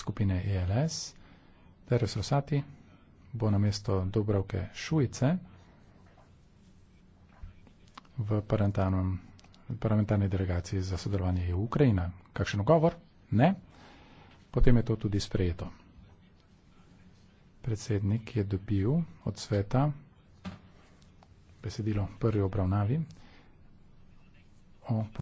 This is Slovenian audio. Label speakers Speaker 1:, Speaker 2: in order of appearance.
Speaker 1: skupine ELS, Teres Rosati, bo na mesto Dubravke Šujice v parlamentarni delegaciji za sodelovanje EU Ukrajina. Kakšen ogovor? Ne. Potem je to tudi sprejeto. Predsednik je dobil od sveta besedilo prvi obravnavi
Speaker 2: o